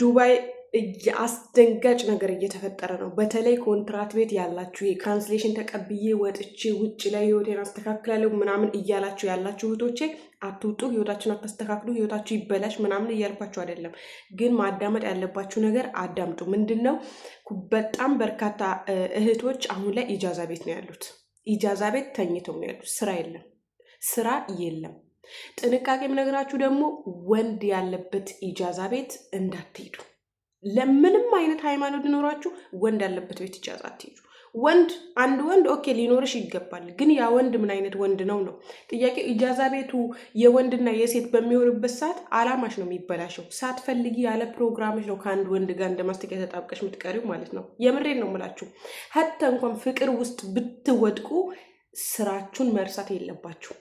ዱባይ አስደንጋጭ ነገር እየተፈጠረ ነው። በተለይ ኮንትራት ቤት ያላችሁ ትራንስሌሽን ተቀብዬ ወጥቼ ውጭ ላይ ህይወቴን አስተካክላለሁ ምናምን እያላችሁ ያላችሁ እህቶቼ አትውጡ፣ ህይወታችን አታስተካክሉ፣ ህይወታችሁ ይበላሽ ምናምን እያልኳችሁ አይደለም። ግን ማዳመጥ ያለባችሁ ነገር አዳምጡ። ምንድን ነው በጣም በርካታ እህቶች አሁን ላይ ኢጃዛ ቤት ነው ያሉት። ኢጃዛ ቤት ተኝተው ነው ያሉት። ስራ የለም፣ ስራ የለም። ጥንቃቄ የምነግራችሁ ደግሞ ወንድ ያለበት ኢጃዛ ቤት እንዳትሄዱ። ለምንም አይነት ሃይማኖት ሊኖራችሁ ወንድ ያለበት ቤት ኢጃዛ አትሄዱ። ወንድ አንድ ወንድ ኦኬ ሊኖርሽ ይገባል። ግን ያ ወንድ ምን አይነት ወንድ ነው ነው ጥያቄው። ኢጃዛ ቤቱ የወንድና የሴት በሚሆንበት ሰዓት አላማሽ ነው የሚበላሸው። ሳትፈልጊ ያለ ፕሮግራምሽ ነው ከአንድ ወንድ ጋር እንደ ማስታወቂያ ተጣብቀሽ የምትቀሪው ማለት ነው። የምሬን ነው ምላችሁ። ሀታ እንኳን ፍቅር ውስጥ ብትወድቁ ስራችሁን መርሳት የለባችሁ።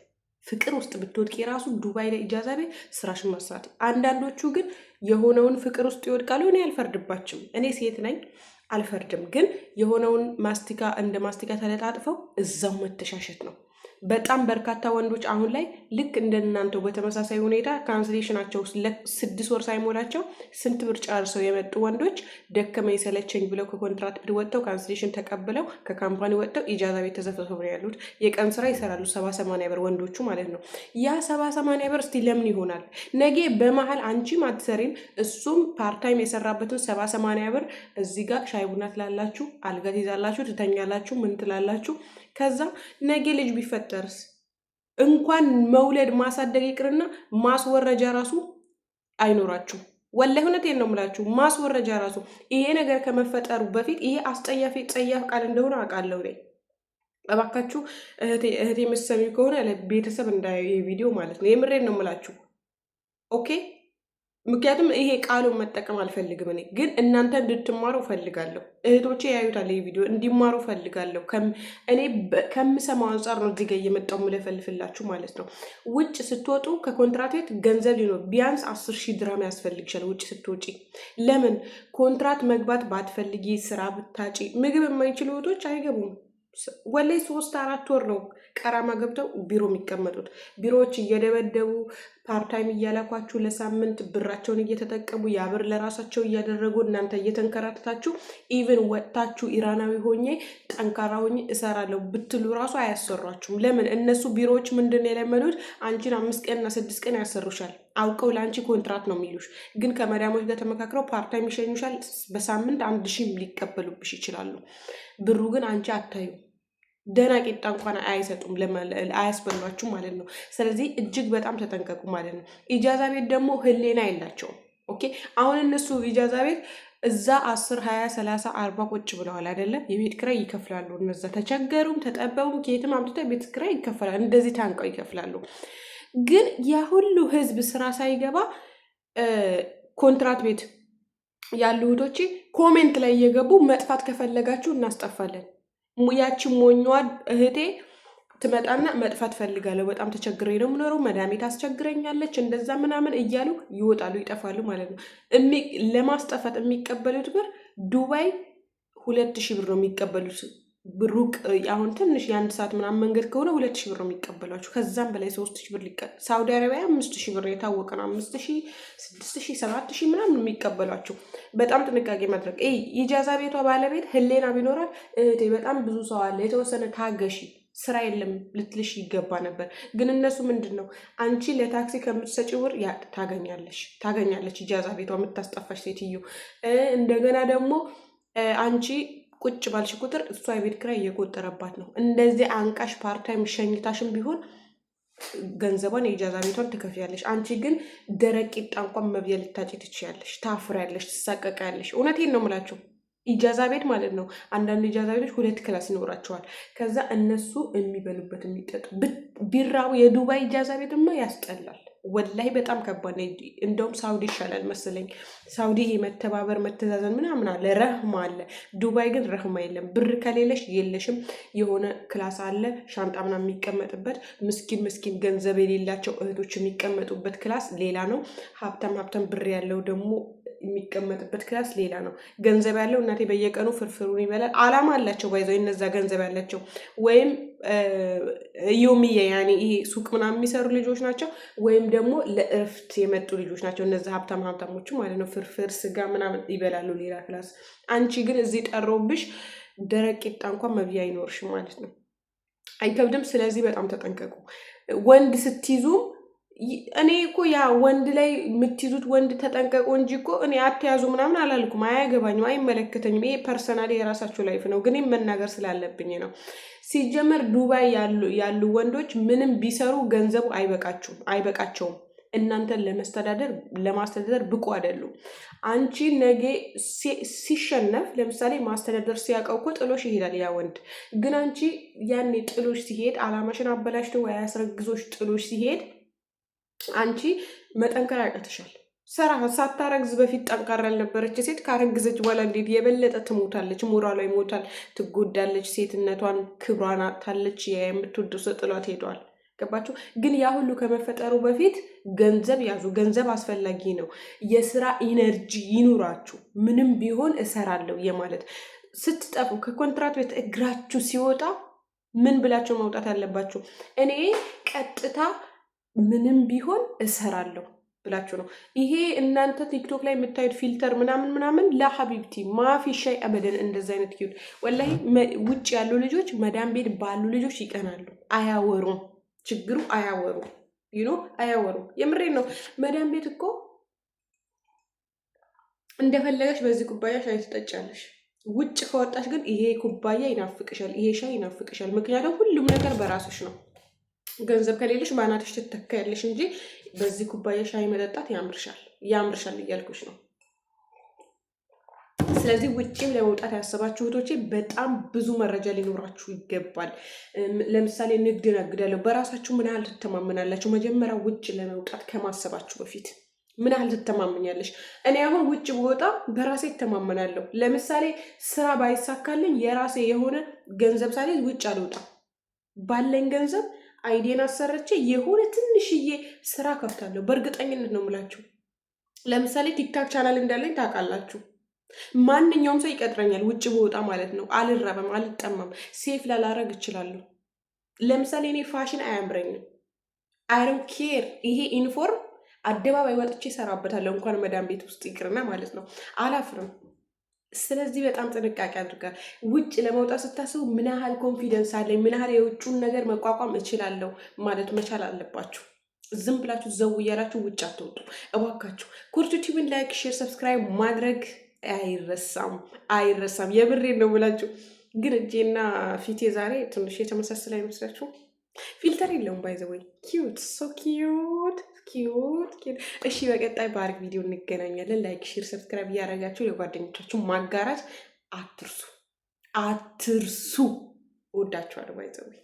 ፍቅር ውስጥ ብትወድቅ የራሱ ዱባይ ላይ ኢጃዛ ላይ ስራሽን መስራት። አንዳንዶቹ ግን የሆነውን ፍቅር ውስጥ ይወድቃሉ። እኔ አልፈርድባችም፣ እኔ ሴት ነኝ፣ አልፈርድም። ግን የሆነውን ማስቲካ እንደ ማስቲካ ተለጣጥፈው እዛው መተሻሸት ነው። በጣም በርካታ ወንዶች አሁን ላይ ልክ እንደናንተው በተመሳሳይ ሁኔታ ካንስሌሽናቸው ስድስት ወር ሳይሞላቸው ስንት ብር ጨርሰው የመጡ ወንዶች ደከመኝ የሰለቸኝ ብለው ከኮንትራት ብድ ወጥተው ካንስሌሽን ተቀብለው ከካምፓኒ ወጥተው ኢጃዛ ቤት ተዘፍተው ነው ያሉት። የቀን ስራ ይሰራሉ፣ ሰባ ሰማንያ ብር ወንዶቹ ማለት ነው። ያ ሰባ ሰማንያ ብር እስቲ ለምን ይሆናል? ነገ በመሀል አንቺም አትሰሪም፣ እሱም ፓርታይም የሰራበትን ሰባ ሰማንያ ብር እዚህ ጋር ሻይ ቡና ትላላችሁ፣ አልጋ ትይዛላችሁ፣ ትተኛላችሁ፣ ምን ትላላችሁ። ከዛ ነገ ልጅ ቢፈጥ ቢፈጠርስ? እንኳን መውለድ ማሳደግ ይቅርና ማስወረጃ ራሱ አይኖራችሁ። ወላሂ እውነቴን ነው የምላችሁ። ማስወረጃ ራሱ ይሄ ነገር ከመፈጠሩ በፊት ይሄ አስጸያፊ ጸያፍ ቃል እንደሆነ አውቃለሁ እኔ እባካችሁ እህቴ የምትሰሚው ከሆነ ቤተሰብ እንዳያዩ ይህ ቪዲዮ ማለት ነው። የምሬን ነው የምላችሁ። ኦኬ ምክንያቱም ይሄ ቃሉን መጠቀም አልፈልግም። እኔ ግን እናንተ እንድትማሩ ፈልጋለሁ። እህቶቼ ያዩታል ይህ ቪዲዮ እንዲማሩ ፈልጋለሁ። እኔ ከምሰማው አንጻር ነው እዚጋ ጋር እየመጣው ምለፈልፍላችሁ ማለት ነው። ውጭ ስትወጡ ከኮንትራት ቤት ገንዘብ ሊኖር ቢያንስ አስር ሺህ ድራም ያስፈልግ ይችላል። ውጭ ስትወጪ ለምን ኮንትራት መግባት ባትፈልጊ ስራ ብታጪ ምግብ የማይችሉ እህቶች አይገቡም። ወላይ ሶስት አራት ወር ነው ቀራማ ገብተው ቢሮ የሚቀመጡት ቢሮዎች እየደበደቡ ፓርታይም እያላኳችሁ ለሳምንት ብራቸውን እየተጠቀሙ የአብር ለራሳቸው እያደረጉ እናንተ እየተንከራተታችሁ ኢቨን ወጥታችሁ ኢራናዊ ሆኜ ጠንካራ ሆኜ እሰራለሁ ብትሉ ራሱ አያሰሯችሁም። ለምን? እነሱ ቢሮዎች ምንድን ነው የለመዱት? አንቺን አምስት ቀንና ስድስት ቀን ያሰሩሻል። አውቀው ለአንቺ ኮንትራት ነው የሚሉሽ። ግን ከመዳሞች ጋር ተመካክረው ፓርታይም ይሸኙሻል። በሳምንት አንድ ሺህም ሊቀበሉብሽ ይችላሉ። ብሩ ግን አንቺ አታዩም ደህና ቂጣ እንኳን አይሰጡም፣ አያስበሏችሁም ማለት ነው። ስለዚህ እጅግ በጣም ተጠንቀቁ ማለት ነው። ኢጃዛ ቤት ደግሞ ህሌና የላቸውም። ኦኬ አሁን እነሱ ኢጃዛ ቤት እዛ አስር ሀያ ሰላሳ አርባ ቁጭ ብለዋል አይደለም። የቤት ክራይ ይከፍላሉ። እነዛ ተቸገሩም ተጠበቡም ከየትም አምጥተው ቤት ክራይ ይከፍላሉ። እንደዚህ ታንቀው ይከፍላሉ። ግን ያ ሁሉ ህዝብ ስራ ሳይገባ ኮንትራት ቤት ያሉ እህቶቼ ኮሜንት ላይ እየገቡ መጥፋት ከፈለጋችሁ እናስጠፋለን። ሙያችን ሞኟ እህቴ ትመጣና መጥፋት ፈልጋለሁ፣ በጣም ተቸግረኝ ነው የምኖረው፣ መዳሜ ታስቸግረኛለች፣ እንደዛ ምናምን እያሉ ይወጣሉ፣ ይጠፋሉ ማለት ነው። ለማስጠፋት የሚቀበሉት ብር ዱባይ ሁለት ሺህ ብር ነው የሚቀበሉት። ሩቅ አሁን ትንሽ የአንድ ሰዓት ምናምን መንገድ ከሆነ ሁለት ሺህ ብር ነው የሚቀበሏቸው። ከዛም በላይ ሶስት ሺህ ብር ሊቀ ሳውዲ አረቢያ አምስት ሺህ ብር የታወቀ ነው። አምስት ሺህ ስድስት ሺህ ሰባት ሺህ ምናምን የሚቀበሏቸው። በጣም ጥንቃቄ ማድረግ ኢጃዛ ቤቷ ባለቤት ህሌና ቢኖራል እህቴ በጣም ብዙ ሰው አለ የተወሰነ ታገሺ ስራ የለም ልትልሽ ይገባ ነበር። ግን እነሱ ምንድን ነው አንቺ ለታክሲ ከምትሰጪ ብር ታገኛለሽ ታገኛለች ኢጃዛ ቤቷ የምታስጠፋሽ ሴትዮ እንደገና ደግሞ አንቺ ቁጭ ባልሽ ቁጥር እሷ የቤት ኪራይ እየቆጠረባት ነው። እንደዚህ አንቃሽ ፓርታይም ሸኝታሽም ቢሆን ገንዘቧን የኢጃዛ ቤቷን ትከፍያለሽ። አንቺ ግን ደረቅ ቂጣ እንኳን መብያ ልታጭ ትችያለሽ፣ ታፍሪያለሽ፣ ትሳቀቂያለሽ። እውነቴን ነው የምላቸው ኢጃዛ ቤት ማለት ነው። አንዳንድ ኢጃዛ ቤቶች ሁለት ክላስ ይኖራቸዋል። ከዛ እነሱ የሚበሉበት የሚጠጡ ቢራቡ የዱባይ ኢጃዛ ቤትማ ያስጠላል። ወላይ በጣም ከባድ ነው። እንደውም ሳውዲ ይሻላል መሰለኝ። ሳውዲ የመተባበር መተዛዘን ምናምን አለ፣ ረህማ አለ። ዱባይ ግን ረህማ የለም። ብር ከሌለሽ የለሽም። የሆነ ክላስ አለ፣ ሻንጣ ምናምን የሚቀመጥበት ምስኪን ምስኪን ገንዘብ የሌላቸው እህቶች የሚቀመጡበት ክላስ ሌላ ነው። ሀብታም ሀብታም ብር ያለው ደግሞ የሚቀመጥበት ክላስ ሌላ ነው። ገንዘብ ያለው እናቴ በየቀኑ ፍርፍሩን ይበላል። አላማ አላቸው ባይዘው እነዛ ገንዘብ ያላቸው ወይም እዮምዬ ያኔ ይሄ ሱቅ ምናምን የሚሰሩ ልጆች ናቸው፣ ወይም ደግሞ ለእርፍት የመጡ ልጆች ናቸው። እነዚ ሀብታም ሀብታሞቹ ማለት ነው። ፍርፍር ስጋ ምናምን ይበላሉ ሌላ ክላስ። አንቺ ግን እዚህ ጠረውብሽ ደረቅ ቂጣ እንኳን መብያ አይኖርሽ ማለት ነው። አይከብድም። ስለዚህ በጣም ተጠንቀቁ። ወንድ ስትይዙም እኔ እኮ ያ ወንድ ላይ የምትይዙት ወንድ ተጠንቀቁ እንጂ እኮ እኔ አትያዙ ምናምን አላልኩም። አያገባኝም፣ አይመለከተኝም። ይሄ ፐርሰናል የራሳቸው ላይፍ ነው፣ ግን መናገር ስላለብኝ ነው። ሲጀመር ዱባይ ያሉ ወንዶች ምንም ቢሰሩ ገንዘቡ አይበቃችሁም አይበቃቸውም። እናንተን ለመስተዳደር ለማስተዳደር ብቁ አይደሉም። አንቺ ነገ ሲሸነፍ ለምሳሌ ማስተዳደር ሲያውቀው እኮ ጥሎሽ ይሄዳል ያ ወንድ። ግን አንቺ ያኔ ጥሎሽ ሲሄድ አላማሽን አበላሽቶ ወይ አስረግዞሽ ጥሎሽ ሲሄድ አንቺ መጠንከር ያቀትሻል ስራ ሳታረግዝ በፊት ጠንካራ ያልነበረች ሴት ካረግዘች በኋላ እንዴት የበለጠ ትሞታለች፣ ሞራሏ ይሞታል፣ ትጎዳለች፣ ሴትነቷን ክብሯን አጥታለች፣ የምትወዱ ሰው ጥሏት ሄዷል። ገባችሁ? ግን ያ ሁሉ ከመፈጠሩ በፊት ገንዘብ ያዙ። ገንዘብ አስፈላጊ ነው። የስራ ኢነርጂ ይኑራችሁ። ምንም ቢሆን እሰራለሁ የማለት ስትጠፉ፣ ከኮንትራት ቤት እግራችሁ ሲወጣ ምን ብላችሁ መውጣት አለባችሁ? እኔ ቀጥታ ምንም ቢሆን እሰራለሁ ብላችሁ ነው። ይሄ እናንተ ቲክቶክ ላይ የምታዩት ፊልተር ምናምን ምናምን ለሀቢብቲ ማፊ ሻይ አበደን። እንደዚ አይነት ኪዩት ወላሂ ውጭ ያሉ ልጆች መዳም ቤት ባሉ ልጆች ይቀናሉ። አያወሩም፣ ችግሩ አያወሩም፣ ይኖ አያወሩም። የምሬ ነው። መዳም ቤት እኮ እንደፈለገች በዚህ ኩባያ ሻይ ትጠጫለሽ። ውጭ ከወጣሽ ግን ይሄ ኩባያ ይናፍቅሻል፣ ይሄ ሻይ ይናፍቅሻል። ምክንያቱም ሁሉም ነገር በራሶች ነው። ገንዘብ ከሌለሽ በአናትሽ ትተካያለሽ እንጂ በዚህ ኩባያ ሻይ መጠጣት ያምርሻል ያምርሻል እያልኩሽ ነው። ስለዚህ ውጭም ለመውጣት ያሰባችሁ እህቶቼ በጣም ብዙ መረጃ ሊኖራችሁ ይገባል። ለምሳሌ ንግድ ነግዳለሁ፣ በራሳችሁ ምን ያህል ትተማመናላችሁ? መጀመሪያ ውጭ ለመውጣት ከማሰባችሁ በፊት ምን ያህል ትተማመኛለሽ? እኔ አሁን ውጭ ብወጣ በራሴ ይተማመናለሁ። ለምሳሌ ስራ ባይሳካልኝ የራሴ የሆነ ገንዘብ ሳሌ ውጭ አልወጣም ባለኝ ገንዘብ አይዲን አሰረቼ የሆነ ትንሽዬ ስራ ከፍታለሁ። በእርግጠኝነት ነው የምላችሁ። ለምሳሌ ቲክታክ ቻናል እንዳለኝ ታውቃላችሁ። ማንኛውም ሰው ይቀጥረኛል፣ ውጭ በወጣ ማለት ነው። አልረበም፣ አልጠማም፣ ሴፍ ላላረግ እችላለሁ። ለምሳሌ እኔ ፋሽን አያምረኝም፣ አይሮን ኬር ይሄ ኢንፎርም አደባባይ ወጥቼ እሰራበታለሁ። እንኳን መዳም ቤት ውስጥ ይቅርና ማለት ነው አላፍርም። ስለዚህ በጣም ጥንቃቄ አድርጋል። ውጭ ለመውጣት ስታስቡ ምን ያህል ኮንፊደንስ አለኝ፣ ምን ያህል የውጩን ነገር መቋቋም እችላለሁ ማለት መቻል አለባችሁ። ዝም ብላችሁ ዘው እያላችሁ ውጭ አትወጡ እባካችሁ። ኩርቱ ቲቪን ላይክ፣ ሼር፣ ሰብስክራይብ ማድረግ አይረሳም አይረሳም። የብሬን ነው ብላችሁ ግን እጄና ፊቴ ዛሬ ትንሽ የተመሳሰለ አይመስላችሁም? ፊልተር የለውም። ወይ ኪዩት ሶ ኪዩት ኪዩት ኪዩት። እሺ፣ በቀጣይ በአሪፍ ቪዲዮ እንገናኛለን። ላይክ፣ ሼር፣ ሰብስክራይብ እያደረጋችሁ ለጓደኞቻችሁ ማጋራት አትርሱ አትርሱ። እወዳችኋለሁ። ወይ